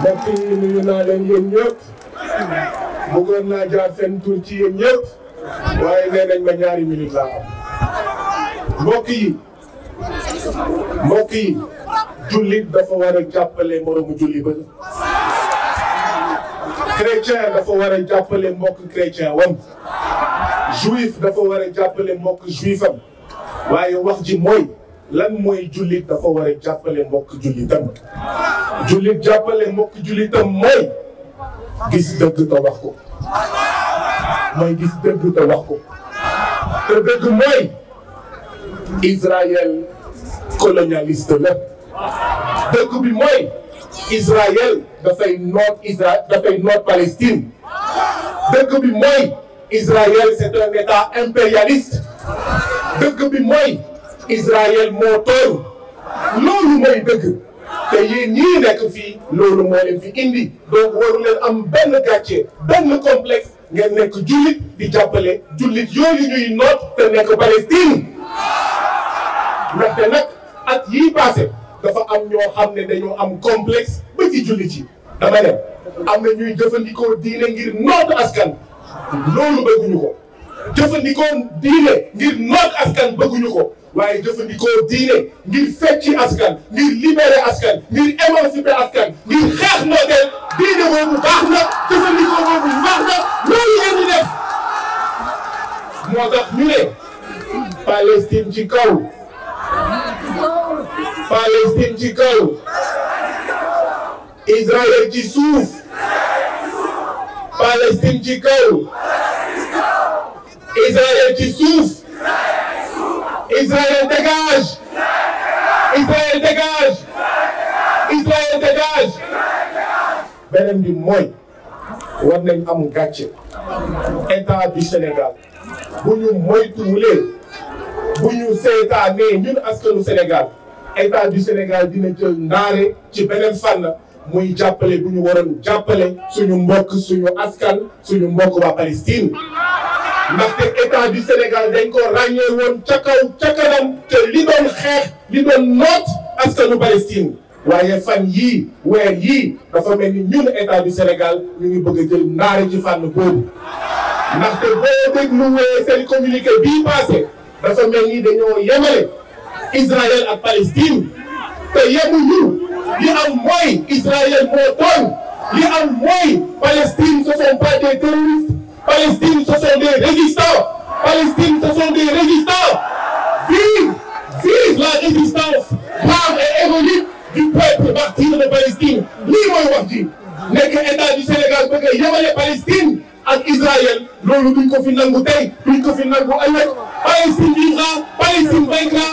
mbokk yi nuyu naa leen yéen ñëpp bëggoon naa jaar seen tur ci yéen ñëpp waaye nee nañ ma ñaari minute laa am mbokk yi mbokk yi jullit dafa war a jàppale moromu julli ba chrétien dafa war a jàppale mbokk chrétien wam juif dafa war a jàppale mbokk juifam waaye wax ji mooy lan mooy jullit dafa war a jàppale mbokk jullitam jullit jàppale mbokk jullitam mooy gis dëgg te wax ko mooy gis dëgg te wax ko te dëgg mooy Israël colonialiste la dëgg bi mooy Israël dafay noot Palestine dëgg bi mooy Israël c'est un état dëgg bi mooy Israël moo tooñ loolu dëgg te yéen ñii nekk fii loolu moo leen fi indi donc waru am benn gàcce benn complexe ngeen nekk jullit di jàppale jullit yooyu ñuy noot te nekk Palestine ndaxte nag at yi passé dafa am ñoo xam ne dañoo am complexe ba ci jullit yi dama am na ñuy jëfandikoo diine ngir noot askan loolu bëgguñu ko jëfandikoo diine ngir noot askan bëgguñu ko waaye jëfandikoo diine ngir fecci askan ngir libérer askan ngir émanciper askan ngir xeex nooteel diine boobu baax na jëfandikoo boobu baax na loolu ngeen di def moo tax ñu ne Palestine ci kaw Palestine ci kaw Israël suuf Palestine Israël ci suuf. Israël dégage. Israël dégage. Israël dégage. beneen bi mooy war nañ am gàcce état du Sénégal bu ñu moytuwulee bu ñu seetaanee ñun askanu Sénégal état du Sénégal dina jël ndaare ci beneen fànn muy jàppale bu ñu waroon jàppale suñu mbokk suñu askan suñu mbokk waa Palestine. ndaxte état du Sénégal dañ ko ràññee woon ca kaw ca kanam te li doon xeex li doon noot askanu Palestine waaye fan yii weer yii dafa mel ni ñun état du Sénégal ñu ngi bëgg a jël ndaare ci fànn boobu ndaxte boo dégluwee seen communiqué bii passé dafa mel ni dañoo yemale Israël ak Palestine te yemuñu li am mooy Israël moo tooñ li am mooy Palestine ce sont pas des violence grave et héroïque du peuple martyr de Palestine lii wax ji nekk état du Sénégal bëgg a yemale Palestine ak Israël loolu duñ ko fi tey duñ ko fi nangu Palestine vivra Palestine vaincra